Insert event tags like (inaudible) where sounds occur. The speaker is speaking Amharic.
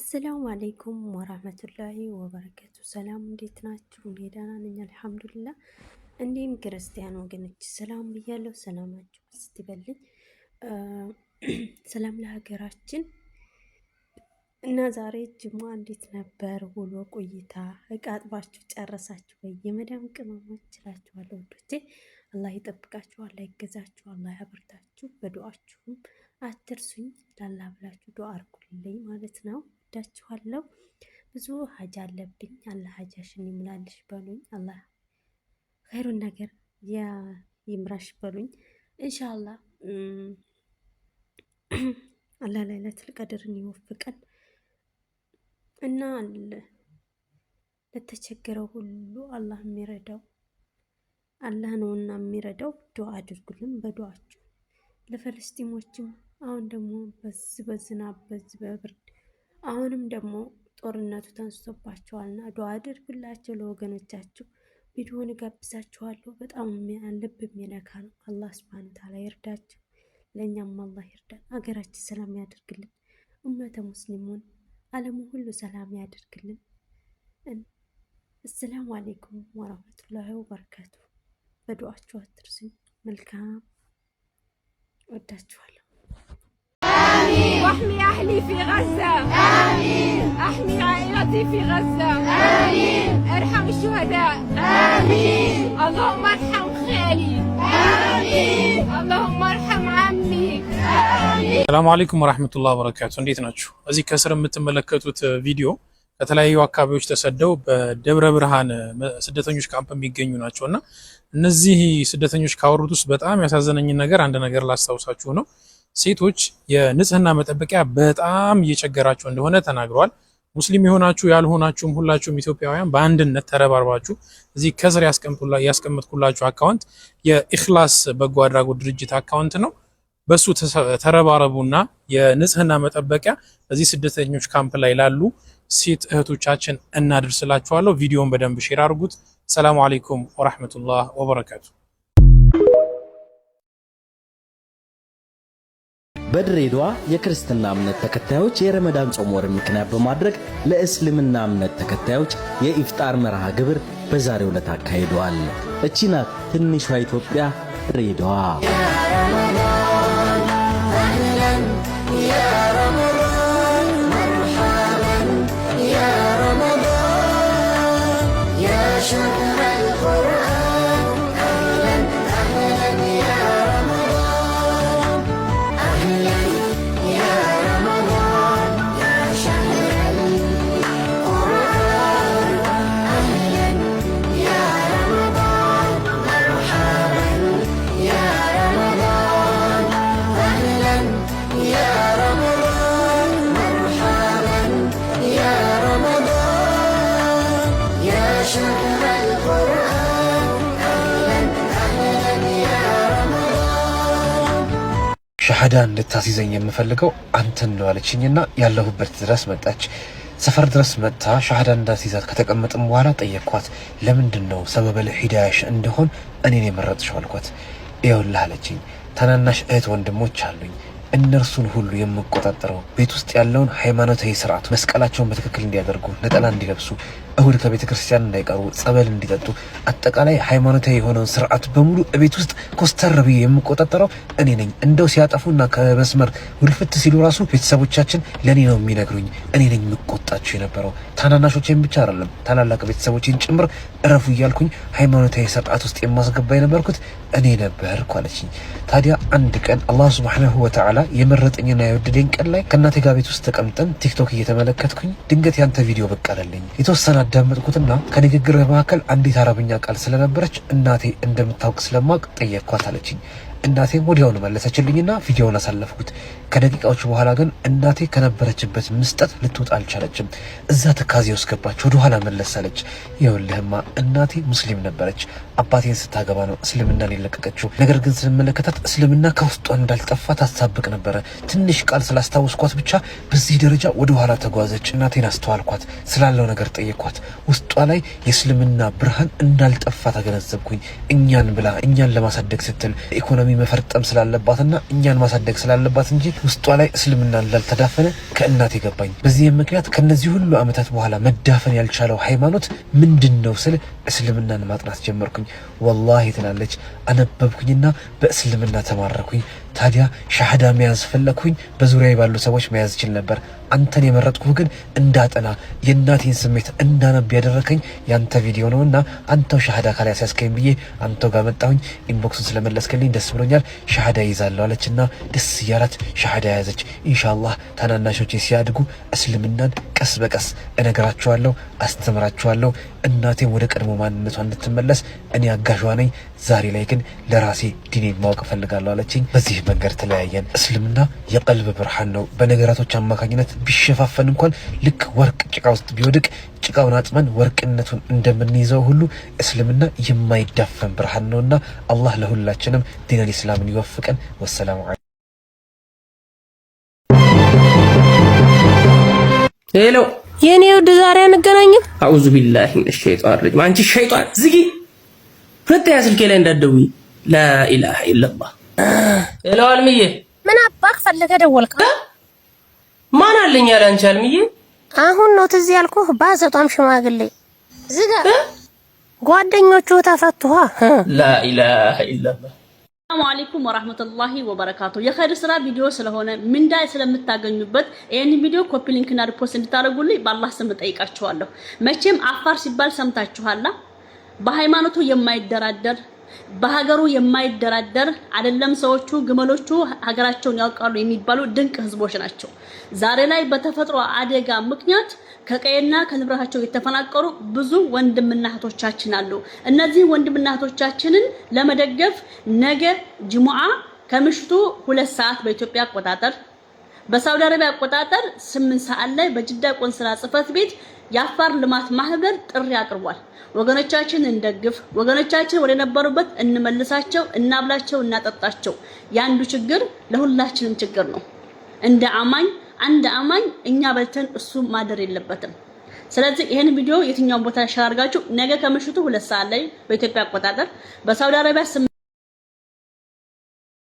አሰላሙ አለይኩም ወራህመቱላሂ ወበረከቱ። ሰላም እንዴት ናችሁ? እኔ ደህና ነኝ አልሐምዱሊላ። እንዲሁም ክርስቲያን ወገኖች ሰላም ብያለሁ። ሰላማችሁ ስትበልኝ ሰላም ለሀገራችን እና ዛሬ ጅማ እንዴት ነበር ውሎ ቆይታ? እቃ አጥባችሁ ጨረሳችሁ ወይ? የመዳም ቅመሞች ይችላችኋል። ወዶቼ አላህ ይጠብቃችሁ፣ አላህ ይገዛችሁ፣ አላህ ያበርታችሁ። በዱአችሁም አትርሱኝ ላላ ብላችሁ ዱአ አርጉልኝ ማለት ነው። ወዳችኋለሁ። ብዙ ሀጃ አለብኝ። አላህ ሀጃሽን ይምላልሽ በሉኝ። አላህ ኸይሩን ነገር ያ ይምራሽ በሉኝ። ኢንሻአላህ (clears throat) አላህ ለይለቱል ቀድርን ይወፍቀን እና ለተቸገረው ሁሉ አላህ የሚረዳው አላህ ነውና የሚረዳው ዱአ አድርጉልን በዱአችሁ ለፈለስጢሞችም አሁን ደግሞ በዚህ በዝናብ በዚህ በብርድ አሁንም ደግሞ ጦርነቱ ተንስቶባቸዋልና ዱዓ አድርግላቸው ለወገኖቻቸው። ቪዲዮን ጋብዛችኋለሁ። በጣም ልብ የሚነካ ነው። አላህ ስብሃነ ተዓላ ይርዳቸው፣ ለእኛም አላህ ይርዳን። ሀገራችን ሰላም ያደርግልን። እመተ ሙስሊሙን አለሙ ሁሉ ሰላም ያደርግልን። አሰላሙ አሌይኩም ወራህመቱላሂ ወበረካቱ። በዱዓችሁ አትርሱኝ። መልካም ወዳችኋለሁ። أحمي أهلي في غزة آمين أحمي عائلتي في غزة آمين ارحم الشهداء آمين اللهم ارحم خالي آمين اللهم ارحم عمي آمين ሰላም አለይኩም ወራህመቱላሂ ወበረካቱ እንዴት ናችሁ? እዚህ ከስር የምትመለከቱት ቪዲዮ ከተለያዩ አካባቢዎች ተሰደው በደብረ ብርሃን ስደተኞች ካምፕ የሚገኙ ናቸው እና እነዚህ ስደተኞች ካወሩት ውስጥ በጣም ያሳዘነኝን ነገር አንድ ነገር ላስታውሳችሁ ነው። ሴቶች የንጽህና መጠበቂያ በጣም እየቸገራቸው እንደሆነ ተናግረዋል። ሙስሊም የሆናችሁ ያልሆናችሁም ሁላችሁም ኢትዮጵያውያን በአንድነት ተረባርባችሁ እዚህ ከስር ያስቀምጥኩላችሁ አካውንት የኢኽላስ በጎ አድራጎት ድርጅት አካውንት ነው። በሱ ተረባረቡና የንጽህና መጠበቂያ እዚህ ስደተኞች ካምፕ ላይ ላሉ ሴት እህቶቻችን እናደርስላችኋለሁ። ቪዲዮን በደንብ ሼር አድርጉት። ሰላሙ አሌይኩም ወራህመቱላህ ወበረካቱ። በድሬዳዋ የክርስትና እምነት ተከታዮች የረመዳን ጾም ወር ምክንያት በማድረግ ለእስልምና እምነት ተከታዮች የኢፍጣር መርሃ ግብር በዛሬው ዕለት አካሂደዋል። እቺ ናት ትንሿ ኢትዮጵያ ድሬዳዋ። አዳን እንድታስይዘኝ የምፈልገው አንተን ነው አለችኝና ያለሁበት ድረስ መጣች። ሰፈር ድረስ መጥታ ሻሃዳ እንዳስይዛት ከተቀመጥም በኋላ ጠየቅኳት። ለምንድን ነው ሰበበል ሂዳያሽ እንደሆን እኔን የመረጥሽው አልኳት። ይኸውልህ አለችኝ፣ ታናናሽ እህት ወንድሞች አሉኝ። እነርሱን ሁሉ የምቆጣጠረው ቤት ውስጥ ያለውን ሃይማኖታዊ ስርዓት መስቀላቸውን በትክክል እንዲያደርጉ፣ ነጠላ እንዲለብሱ እሁድ ከቤተ ክርስቲያን እንዳይቀሩ ጸበል እንዲጠጡ አጠቃላይ ሃይማኖታዊ የሆነውን ስርዓት በሙሉ እቤት ውስጥ ኮስተር ብዬ የምቆጣጠረው እኔ ነኝ። እንደው ሲያጠፉና ከመስመር ውልፍት ሲሉ ራሱ ቤተሰቦቻችን ለእኔ ነው የሚነግሩኝ። እኔ ነኝ የምቆጣቸው የነበረው ታናናሾቼን ብቻ አይደለም ታላላቅ ቤተሰቦችን ጭምር እረፉ እያልኩኝ ሃይማኖታዊ ስርዓት ውስጥ የማስገባ የነበርኩት እኔ ነበርኩ አለችኝ። ታዲያ አንድ ቀን አላህ ሱብሓነሁ ወተዓላ የመረጠኝና የወደደኝ ቀን ላይ ከእናቴ ጋር ቤት ውስጥ ተቀምጠን ቲክቶክ እየተመለከትኩኝ ድንገት ያንተ ቪዲዮ በቃለልኝ የተወሰነ አዳመጥኩትና ከንግግር መካከል አንዲት አረብኛ ቃል ስለነበረች እናቴ እንደምታውቅ ስለማቅ ጠየቅኳት አለችኝ። እናቴ ወዲያውኑ መለሰችልኝና ቪዲዮውን አሳለፍኩት። ከደቂቃዎች በኋላ ግን እናቴ ከነበረችበት ምስጠት ልትወጣ አልቻለችም። እዛ ትካዜ ውስጥ ገባች፣ ወደኋላ መለሳለች። ይኸውልህማ እናቴ ሙስሊም ነበረች። አባቴን ስታገባ ነው እስልምናን የለቀቀችው። ነገር ግን ስንመለከታት እስልምና ከውስጧ እንዳልጠፋ ታሳብቅ ነበረ። ትንሽ ቃል ስላስታወስኳት ብቻ በዚህ ደረጃ ወደኋላ ተጓዘች። እናቴን አስተዋልኳት፣ ስላለው ነገር ጠየኳት። ውስጧ ላይ የእስልምና ብርሃን እንዳልጠፋ ተገነዘብኩኝ። እኛን ብላ እኛን ለማሳደግ ስትል ኢኮኖሚ በድጋሚ መፈርጠም ስላለባትና እኛን ማሳደግ ስላለባት እንጂ ውስጧ ላይ እስልምና እንዳልተዳፈነ ከእናት የገባኝ። በዚህም ምክንያት ከነዚህ ሁሉ ዓመታት በኋላ መዳፈን ያልቻለው ሃይማኖት ምንድን ነው ስል እስልምናን ማጥናት ጀመርኩኝ። ወላሂ ትላለች፣ አነበብኩኝና በእስልምና ተማረኩኝ። ታዲያ ሻህዳ መያዝ ፈለግኩኝ። በዙሪያ ባሉ ሰዎች መያዝ ችል ነበር። አንተን የመረጥኩህ ግን እንዳጠና የእናቴን ስሜት እንዳነብ ያደረከኝ ያንተ ቪዲዮ ነው እና አንተው ሻህዳ ካላ ሲያስከኝ ብዬ አንተው ጋር መጣሁኝ። ኢንቦክሱን ስለመለስክልኝ ደስ ብሎኛል። ሻህዳ ይዛለሁ አለች ደስ እያላት ሻሃዳ ያዘች። ኢንሻላህ ታናናሾች ሲያድጉ እስልምናን ቀስ በቀስ እነግራችኋለሁ፣ አስተምራችኋለሁ። እናቴም ወደ ቀድሞ ማንነቷ እንድትመለስ እኔ አጋዧ ነኝ። ዛሬ ላይ ግን ለራሴ ዲኔን ማወቅ እፈልጋለሁ አለችኝ በዚህ በዚህ መንገድ ተለያየን። እስልምና የቀልብ ብርሃን ነው። በነገራቶች አማካኝነት ቢሸፋፈን እንኳን ልክ ወርቅ ጭቃ ውስጥ ቢወድቅ ጭቃውን አጥመን ወርቅነቱን እንደምንይዘው ሁሉ እስልምና የማይዳፈን ብርሃን ነውና አላህ ለሁላችንም ዲነል ኢስላምን ይወፍቀን። ወሰላሙ አለ ሄሎ የኔ ውድ ዛሬ አንገናኝም። አዑዙ ቢላሂ ሚነ ሸይጣን ረጂም። አንቺ ሸይጣን ዝጊ፣ ሁለተኛ ስልኬ ላይ እንዳትደውይ። ላ ኢላሃ ኢለላህ ሄሎ አልምዬ፣ ምን አባክ ፈለገ ደወልክ? ማን አለኝ ያለ አንቺ አልምዬ? አሁን ነው ትዝ ያልኩህ። ባሰጧም ሽማግሌ ዝጋ። ጓደኞቹ ተፈቱሃ። ላኢላሀ ኢለላህ። ሰላሙ አለይኩም ወራህመቱላሂ ወበረካቱ። የኸይር ስራ ቪዲዮ ስለሆነ ምንዳ ስለምታገኙበት ይህን ቪዲዮ ኮፒ ሊንክና ሪፖስት እንድታደርጉልኝ በአላህ ስም ጠይቃችኋለሁ። መቼም አፋር ሲባል ሰምታችኋላ። በሃይማኖቱ የማይደራደር በሀገሩ የማይደራደር አይደለም። ሰዎቹ ግመሎቹ ሀገራቸውን ያውቃሉ የሚባሉ ድንቅ ህዝቦች ናቸው። ዛሬ ላይ በተፈጥሮ አደጋ ምክንያት ከቀየና ከንብረታቸው የተፈናቀሉ ብዙ ወንድምና እህቶቻችን አሉ። እነዚህ ወንድምና እህቶቻችንን ለመደገፍ ነገ ጅሙዓ ከምሽቱ ሁለት ሰዓት በኢትዮጵያ አቆጣጠር በሳውዲ አረቢያ አቆጣጠር 8 ሰዓት ላይ በጅዳ ቆንስላ ጽህፈት ቤት የአፋር ልማት ማህበር ጥሪ አቅርቧል። ወገኖቻችን እንደግፍ፣ ወገኖቻችን ወደ ነበሩበት እንመልሳቸው፣ እናብላቸው፣ እናጠጣቸው። የአንዱ ችግር ለሁላችንም ችግር ነው። እንደ አማኝ አንድ አማኝ እኛ በልተን እሱ ማደር የለበትም። ስለዚህ ይሄን ቪዲዮ የትኛውን ቦታ ሸር ነገ ከምሽቱ ሁለት ሰዓት ላይ በኢትዮጵያ አቆጣጠር በሳውዲ አረቢያ